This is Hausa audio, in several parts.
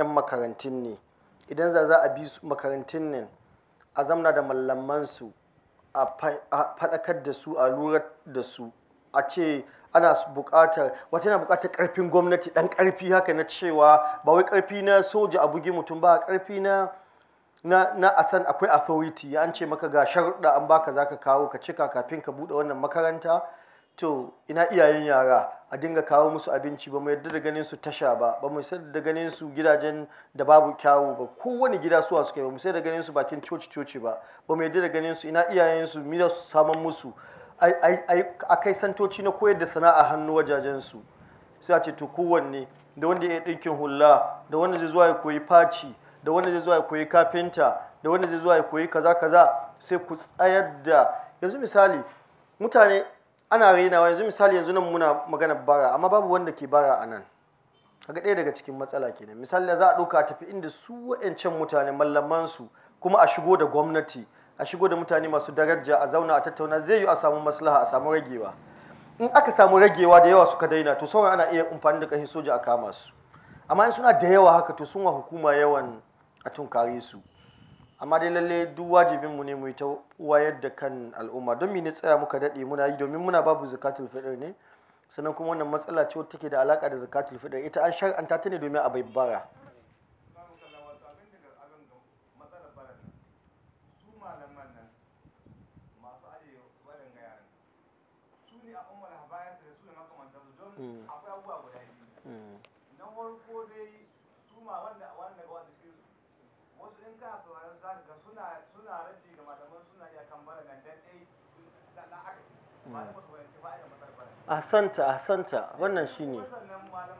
'yan makarantun ne idan za a bi makarantun nan a zamna da mallamansu a faɗakar da su a lura da su a ce ana buƙatar wata yana buƙatar ƙarfin gwamnati ɗan ƙarfi haka na cewa ba wai ƙarfi na soja a bugi mutum ba ƙarfi na na na a san akwai authority an ce maka ga sharuɗa an baka zaka kawo ka cika kafin ka buɗe wannan makaranta to ina iyayen yara a dinga kawo musu abinci ba mu yadda da ganin su tasha ba ba mu sai da ganin su gidajen da babu kyawu ba kowane gida suwa suka yi ba mu sai da ganin su bakin coci coci ba ba mu yadda da ganin su ina iyayen su mi su saman musu a kai santoci na koyar da sana'a hannu wajajen su sai a ce to kowanne da wanda ya ɗinkin hula da wanda zai zuwa ya koyi faci da wanda zai zuwa ya koyi kafinta da wanda zai zuwa ya koyi kaza kaza sai ku tsayar da yanzu misali mutane ana rainawa yanzu misali yanzu nan muna magana bara amma babu wanda ke bara a nan kaga ɗaya daga cikin matsala kenan misali za a ɗauka a tafi inda su wa'ancan mutane mallamansu kuma a shigo da gwamnati a shigo da mutane masu daraja a zauna a tattauna zai yi a samu maslaha a samu ragewa in aka samu ragewa da yawa suka daina to sauran ana iya amfani da ƙarfin soja a kama su amma in suna da yawa haka to sun wa hukuma yawan a tunkare su amma dai lalle duk wajibin mu ne mu yi ta wayar da kan al'umma don ne tsaya muka daɗe muna yi domin muna babu zakatul fitr ne sannan kuma wannan matsala ce take da alaka da zakatul fitr ita an shar'anta ta ne domin a bai bara Mm. Mm. wasu in ka santa za ga suna suna ga malaman suna ya kammala dai sannan wannan shine sannan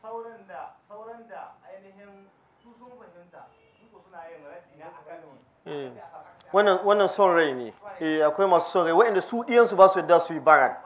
sauran da sauran da ainihin su sun fahimta eh, wannan son rai ne eh akwai masu son rai waɗanda su ɗiyansu ba su yadda su yi baran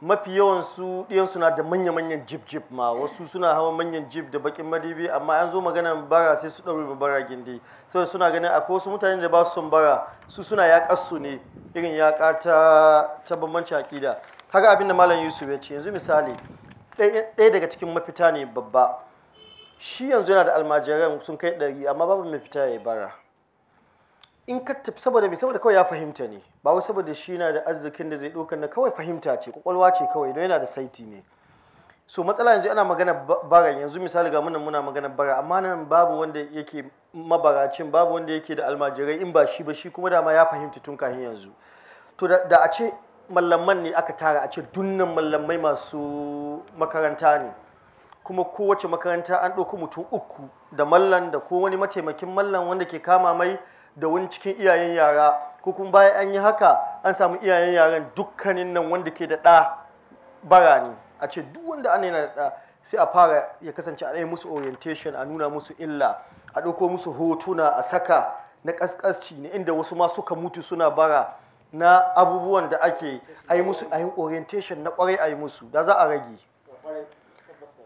mafi yawan su ɗiyansu na da manya-manyan jib-jib ma wasu suna hawa manyan jib da bakin madibi amma an zo maganan bara sai su ɗaure ma bara gindi saboda suna ganin akwai wasu mutane da ba su son bara su suna yaƙa su ne irin yaƙa ta ta bambanci aƙida kaga abin da malam yusuf ya ce yanzu misali ɗaya daga cikin mafita ne babba shi yanzu yana da almajiran sun kai ɗari amma babu fita ya bara in ka tafi saboda mai saboda kawai ya fahimta ne ba wai saboda shi yana da arzikin da zai ɗaukar na kawai fahimta ce kwakwalwa ce kawai don yana da saiti ne so matsala yanzu ana magana bara yanzu misali ga munan muna magana bara amma nan babu wanda yake mabaracin babu wanda yake da almajirai in ba shi ba shi kuma dama ya fahimta tun kahin yanzu to da a ce mallaman ne aka tara a ce dunnan mallamai masu makaranta ne kuma kowace makaranta an ɗauki mutum uku da mallan da ko wani mataimakin mallan wanda ke kama mai da wani cikin iyayen yara ko kuma bayan an yi haka an samu iyayen yaran dukkanin nan wanda ke da ɗa bara ne a ce duk wanda ana yana da ɗa sai a fara ya kasance a ɗaya musu orientation a nuna musu illa a ɗauko musu hotuna a saka na ƙasƙasci na inda wasu ma suka mutu suna bara na abubuwan da ake a yi musu a yi orientation na kwarai a yi musu da za a rage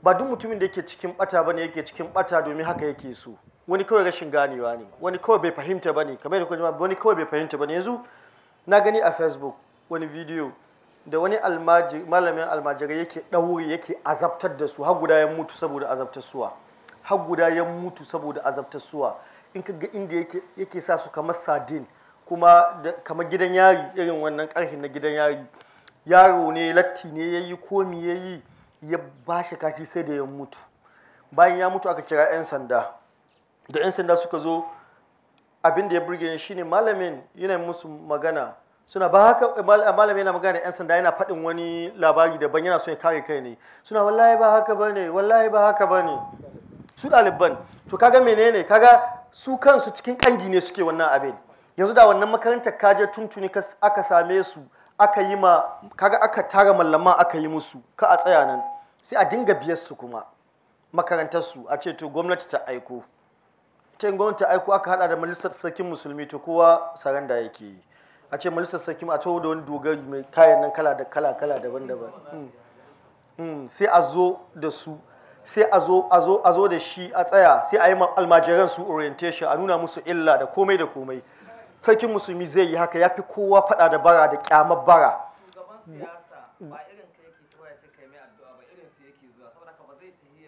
ba duk mutumin da yake cikin bata bane yake cikin bata domin haka yake so wani kawai rashin ganewa ne wani kawai bai fahimta bane kamar da kuma wani kawai bai fahimta bane yanzu na gani a facebook wani video da wani almaji malamin almajirai yake dauri yake azabtar da su har guda ya mutu saboda azabtar suwa har guda ya mutu saboda azabtar suwa in ka ga inda yake sa su kamar sardine kuma kamar gidan yari irin wannan ƙarfin na gidan yari yaro ne latti ne ya yi komi ya yi ya ba shi kashi sai da ya mutu bayan ya mutu aka kira 'yan sanda da 'yan sanda suka zo abin ya burge ni shine malamin yana musu magana suna ba haka malamin yana magana 'yan sanda yana faɗin wani labari daban yana so ya kare kai ne suna wallahi ba haka bane wallahi ba haka bane su ɗaliban to kaga menene kaga su kansu cikin kangi ne suke wannan abin yanzu da wannan makarantar kaje tuntuni aka same su aka yi ma kaga aka tara mallama aka yi musu ka a tsaya nan sai a dinga biyar su kuma makarantar su a ce to gwamnati ta aiko ta gwamnati ta aiko aka hada da majalisar sarkin musulmi to kowa saranda yake yi a ce majalisar sarkin a taho da wani dogari mai kayan nan kala da kala kala daban-daban hmm. hmm. sai a zo da su sai a zo a zo a zo da shi a tsaya sai a yi almajiran su orientation a nuna musu illa da komai da komai sarkin musulmi zai yi haka ya fi kowa faɗa da bara da kyamar bara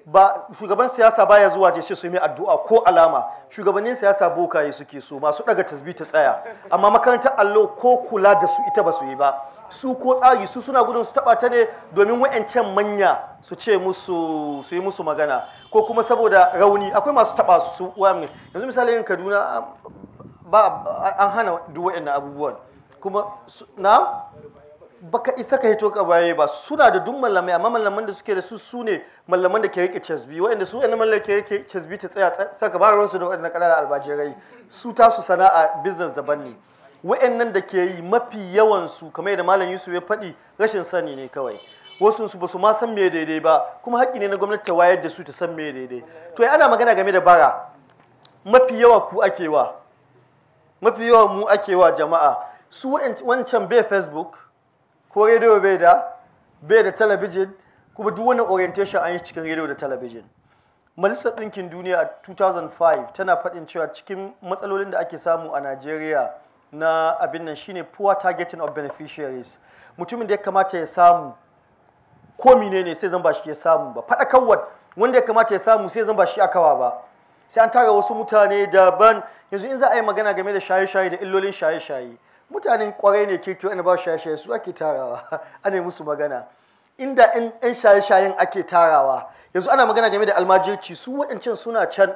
ba shugaban siyasa ya zuwa je su yi addu'a ko alama shugabannin siyasa bokaye suke so masu daga tasbi ta tsaya amma makarantar allo ko kula da su ita ba su yi ba su ko tsari su suna gudun su taba ta ne domin wa'ancan manya su ce musu su yi musu magana ko kuma saboda rauni akwai masu taba su yanzu misali yin kaduna ba an hana duk waɗannan abubuwan kuma na baka isa ka hito ka baye ba suna da duk mallamai amma mallaman da suke da su su ne da ke rike chesbi waɗanda su waɗanda mallaman ke rike chesbi ta tsaya saka ba ruwansu da waɗannan ƙananan albajirai su tasu sana'a business daban ne waɗannan da ke yi mafi yawan su kamar yadda malam Yusuf ya faɗi rashin sani ne kawai wasu su su ma san me daidai ba kuma haƙƙi ne na gwamnati ta wayar da su ta san me daidai to ana magana game da bara mafi yawa ku ake wa mafi yawan mu ake wa jama'a su wancan bai facebook ko rediyo bai da bai da talabijin kuma duk wani orientation an yi cikin rediyo da talabijin malisar Ɗinkin Duniya a 2005 tana faɗin cewa cikin matsalolin da ake samu a Najeriya na abin nan shine poor targeting of beneficiaries. Mutumin da ya kamata ya samu ko ne sai zan ba shi ya samu ba. Faɗakarwar wanda ya kamata ya samu sai zan ba shi akawa ba. sai an tara wasu mutane daban yanzu in za a yi magana game da shaye-shaye da illolin shaye-shaye mutanen kwarai ne kirki wanda ba shaye-shaye su ake tarawa ana yi musu magana inda yan shaye-shayen ake tarawa yanzu ana magana game da almajirci su wa'ancan suna can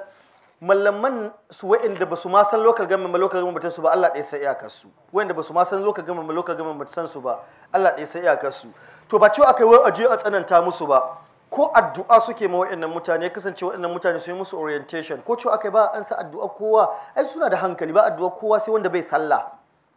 mallaman su waɗanda ba su ma san local government ba local government su ba Allah ɗaya sai iyakar su waɗanda ba su ma san local government ba local government su ba Allah ɗaya sai iyakar su to ba cewa akai wai aje a tsananta musu ba ko addu'a suke ma wa'annan mutane kasance wa'annan mutane su yi musu orientation ko cewa aka ba an sa addu'a kowa ai suna da hankali ba addu'a kowa sai wanda bai sallah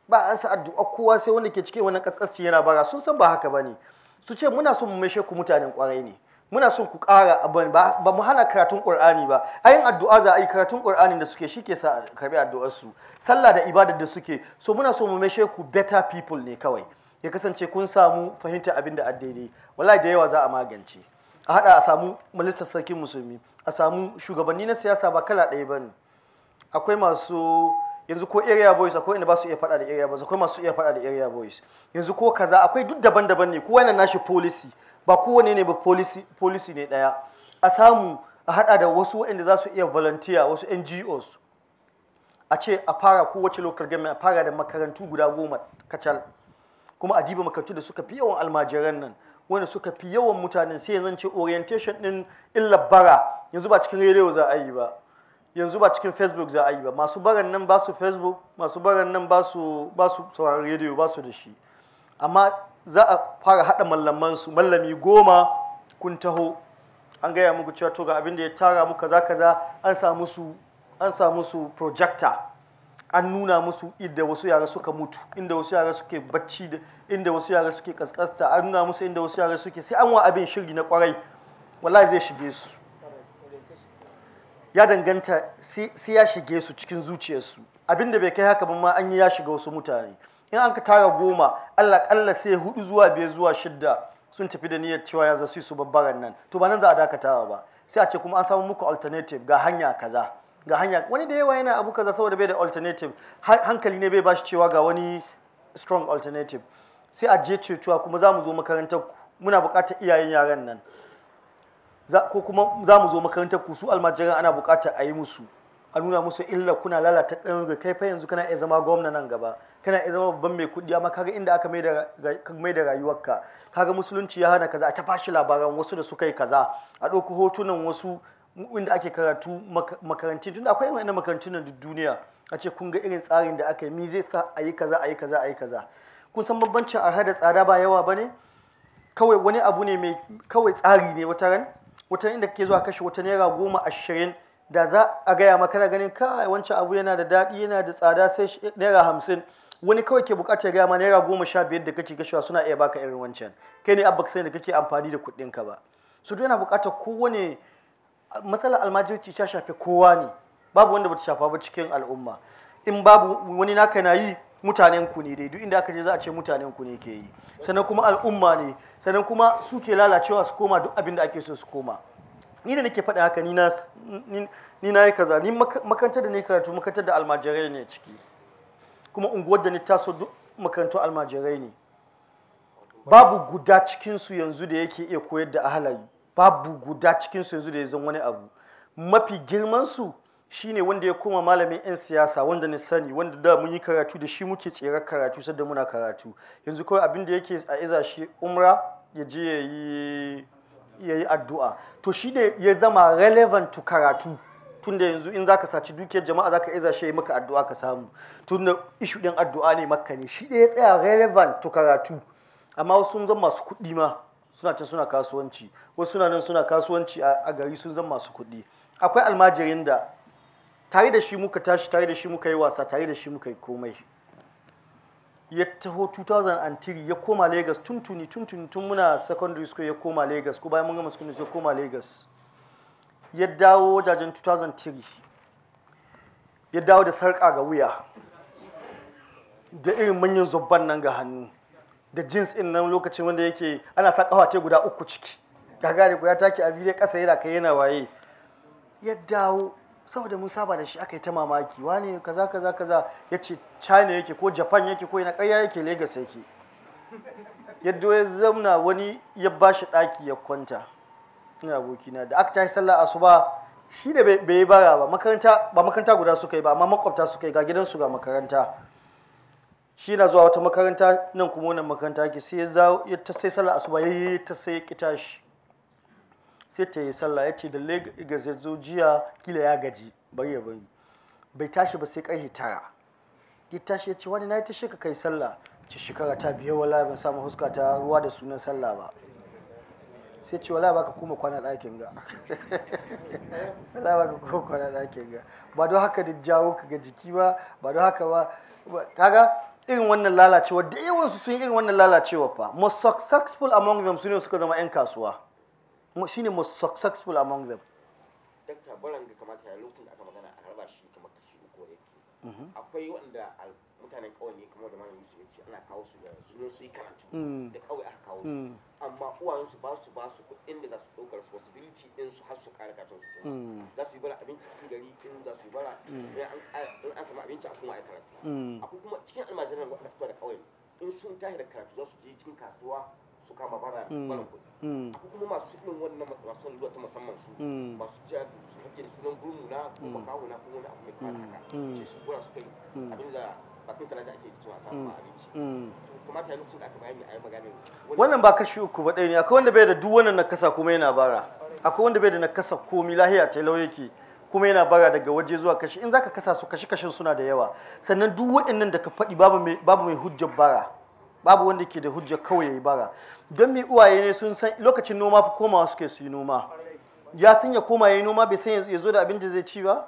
ba an sa addu'a kowa sai wanda ke cikin wannan kaskasci yana bara sun san ba haka bane su ce muna son mu maishe ku mutanen kwarai ne muna son ku ƙara abin ba mu hana karatun Qur'ani ba ayin addu'a za a yi karatun Qur'ani da suke ke sa karbi addu'ar su sallah da ibadar da suke so muna son mu maishe ku better people ne kawai ya kasance kun samu fahimta abin da addini wallahi da yawa za a magance a hada a samu majalisar sarkin musulmi a samu shugabanni na siyasa ba kala ɗaya ba ne akwai masu yanzu ko area boys akwai inda ba su iya faɗa da area boys akwai masu iya faɗa da area boys yanzu ko kaza akwai duk daban-daban ne kowa yana nashi policy ba kowane ne ba policy policy ne ɗaya a samu a hada da wasu waɗanda za su iya volunteer wasu NGOs a ce a fara kowace local government a fara da makarantu guda goma kacal kuma a diba makarantu da suka fi yawan almajiran nan wanda suka fi yawan mutanen sai zan ce orientation din illa bara yanzu ba cikin rediyo za a yi ba yanzu ba cikin facebook za a yi ba masu baran nan ba su facebook masu baran nan ba su sauran rediyo ba su da shi amma za a fara haɗa mallamansu mallami goma kun taho an gaya muku cewa to ga abin da ya tara mu kaza kaza an samu su projector an nuna musu inda wasu yara suka mutu inda wasu yara suke bacci inda wasu yara suke kaskasta an nuna musu inda wasu yara suke sai an wa abin shiri na kwarai wallahi zai shige su ya danganta sai ya shige su cikin zuciyarsu abinda bai kai haka ba ma an yi ya shiga wasu mutane in an ka tara goma allah kalla sai hudu zuwa biyar zuwa shidda sun tafi da niyyar cewa ya zasu su babbaran nan to ba nan za a dakatawa ba sai a ce kuma an samu muku alternative ga hanya kaza ga hanya wani da yawa yana abu kaza saboda bai da alternative hankali ne bai bashi cewa ga wani strong alternative sai a je cewa kuma za mu zo makarantar ku muna buƙatar iyayen yaran nan ko kuma za mu zo makarantar ku su almajiran ana buƙatar a yi musu a nuna musu illa kuna lalata ɗan ga kai fa yanzu kana iya zama gwamna nan gaba kana iya zama babban mai kuɗi amma kaga inda aka mai da rayuwarka kaga musulunci ya hana kaza a ta fashi labaran wasu da suka yi kaza a ɗauki hotunan wasu inda ake karatu makarantun tunda akwai irin makarantun nan duniya a ce kun ga irin tsarin da aka yi mi zai sa a yi kaza a yi kaza a yi kaza Kun san bambancin arha da tsada ba yawa ba ne kawai wani abu ne mai kawai tsari ne wata ran wata inda kake zuwa kashe wata naira goma ashirin da za a gaya maka na ganin kai wancan abu yana da daɗi yana da tsada sai naira hamsin wani kawai ke bukatar gaya ma naira goma sha biyar da kake kashewa suna iya baka irin wancan kai ne abba sai da kake amfani da kuɗinka ba su yana bukatar kowane matsalar almajirci ta shafe kowa ne babu wanda bata shafa ba cikin al'umma in babu wani naka na yi mutanen ku ne dai duk inda aka je za a ce mutanen ku ne ke yi sannan kuma al'umma ne sannan kuma su ke lalacewa su koma duk abin da ake so su koma ni da nake faɗa haka ni na yi kaza ni makarantar da ne karatu makarantar da almajirai ne ciki kuma unguwar da ni taso duk makarantu almajirai ne babu guda cikinsu yanzu da yake iya koyar da ahalari babu guda cikinsu yanzu da ya zan wani abu mafi girmansu shine wanda ya koma malamin 'yan siyasa wanda ni sani wanda da mun yi karatu da shi muke tserar karatu sadda muna karatu yanzu kawai abin da yake a iza shi umra ya je ya yi addu'a to shi ne ya zama relevant to karatu tunda yanzu in zaka saci dukiyar jama'a zaka iza shi maka addu'a ka samu tunda ishu din addu'a ne makka ne shi ne ya tsaya relevant to karatu amma wasu sun zama masu kuɗi ma suna ta suna kasuwanci wasu suna nan suna kasuwanci a gari sun zama masu kuɗi akwai almajirin da tare da shi muka tashi tare da shi muka yi wasa tare da shi muka yi komai ya taho 2003 ya koma lagos tuntuni tuntuni tun muna secondary school ya koma lagos ko bayan mun gama secondary school ya koma lagos ya dawo wajajen 2003 ya dawo da sarƙa ga wuya da irin manyan zubban nan ga hannu da jeans in nan lokacin wanda yake ana sa kawace guda uku ciki ka gane guda take a biyu kasa yana kai yana waye ya dawo saboda mun saba da shi aka yi ta mamaki wane kaza kaza kaza ya ce china yake ko japan yake ko ina ƙarya yake lagos yake yadda ya zauna wani ya ba shi ɗaki ya kwanta ina abokina da aka tashi sallah asuba shi da bai bara ba makaranta ba makaranta guda suka yi ba amma makwabta suka yi ga gidansu ga makaranta shi na zuwa wata makaranta nan kuma wannan makaranta ake. sai ya ta sai sallah asuba yayi ta sai kita shi sai ta yi sallah ya ce da Lagos ya zo jiya kila ya gaji bari ya bari bai tashi ba sai karfe tara ya tashi ya ce wani na yi ta shika kai sallah ce shekara ta biyar wala ban samu huska ta ruwa da sunan sallah ba sai ce wala baka kuma kwana ɗakin ga wala baka kuma kwana ɗakin ga ba don haka da jawo ka ga jiki ba ba don haka ba kaga irin wannan lalacewa da yawansu sun yi irin wannan lalacewa fa most successful among them su ne suka zama 'yan kasuwa shi ne most successful among them dakta baran ga kamata ya lokacin da aka magana a harba shi kamar kashi uku yake mhm. akwai wanda mutanen kawai ne kamar da malamin su ana kawo su da su ne su yi karatu mm. da kawai aka kawo su mm. amma uwayensu ba su ba su kuɗin da za su ɗaukar responsibility ɗin su har su kare katon su hmm. za su yi bara abinci cikin gari in za su yi bara hmm. in an samu abinci a kuma a karatu akwai kuma cikin almajiran da aka da kawai in sun tashi da karatu za su je cikin kasuwa su kama bara hmm. bara kuɗi akwai kuma masu irin wannan masu lura ta musamman su masu jiya su hake da sunan gurmu na ko makawo na ko wani abu mai kwana haka ce su gura su kai abin da Mm. Mm. kuma ta lokacin da aka bayani a yi wannan ba kashi uku ba ɗaya ne akwai wanda bai da duk wannan nakasa kuma yana bara akwai wanda bai da nakasa komi lahiya ta lau yake kuma yana bara daga waje zuwa kashi in zaka kasa su kashi kashin suna da yawa sannan duk waɗannan da ka faɗi babu mai hujjar bara babu wanda ke da hujjar kawai yayi bara don mai uwaye ne sun san lokacin noma fa komawa suke su yi noma ya san ya koma yayi noma bai san ya zo da abin da zai ci ba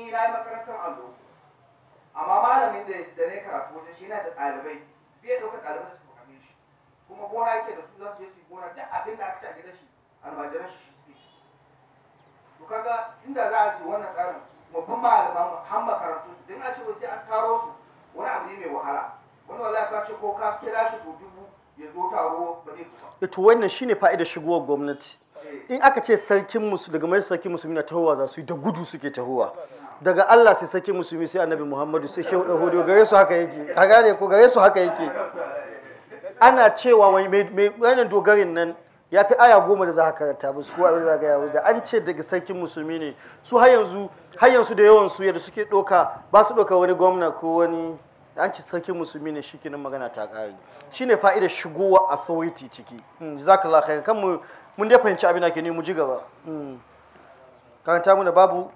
na yi makarantar allo amma malamin da da ne karatu wajen shi yana da ɗalibai bai ɗaukar ɗalibai su kame shi kuma gona yake da su za su je su yi gona duk abin da aka ci a gidan shi almajiran shi shi suke to kaga inda za a ce wannan tsarin babban malaman han makarantu su din a ce sai an taro su wani abu ne mai wahala wani wallahi ka ce ko ka kira shi su dubu ya zo taro ba zai fita to wannan shine fa'idar shigowar gwamnati eh. in aka ce sarkin musu daga majalisar sarkin musu na tahowa za su yi da gudu suke tahowa daga Allah sai saki musulmi sai annabi Muhammadu sai shehu da hudu gare su haka yake ka gane ko gare su haka yake ana cewa wani mai wannan dogarin nan ya fi aya goma da za ka karanta ba su kuwa abin da za da an ce daga sarkin musulmi ne su har yanzu har yanzu da yawan su yadda suke doka ba su doka wani gwamna ko wani an ce sarkin musulmi ne shi kinan magana ta ƙare shi ne fa'idar shigowa authority ciki hmm, jazakallah khairan kan mu mun dai fahimci abin da ke ne mu ji gaba hmm. karanta mu da babu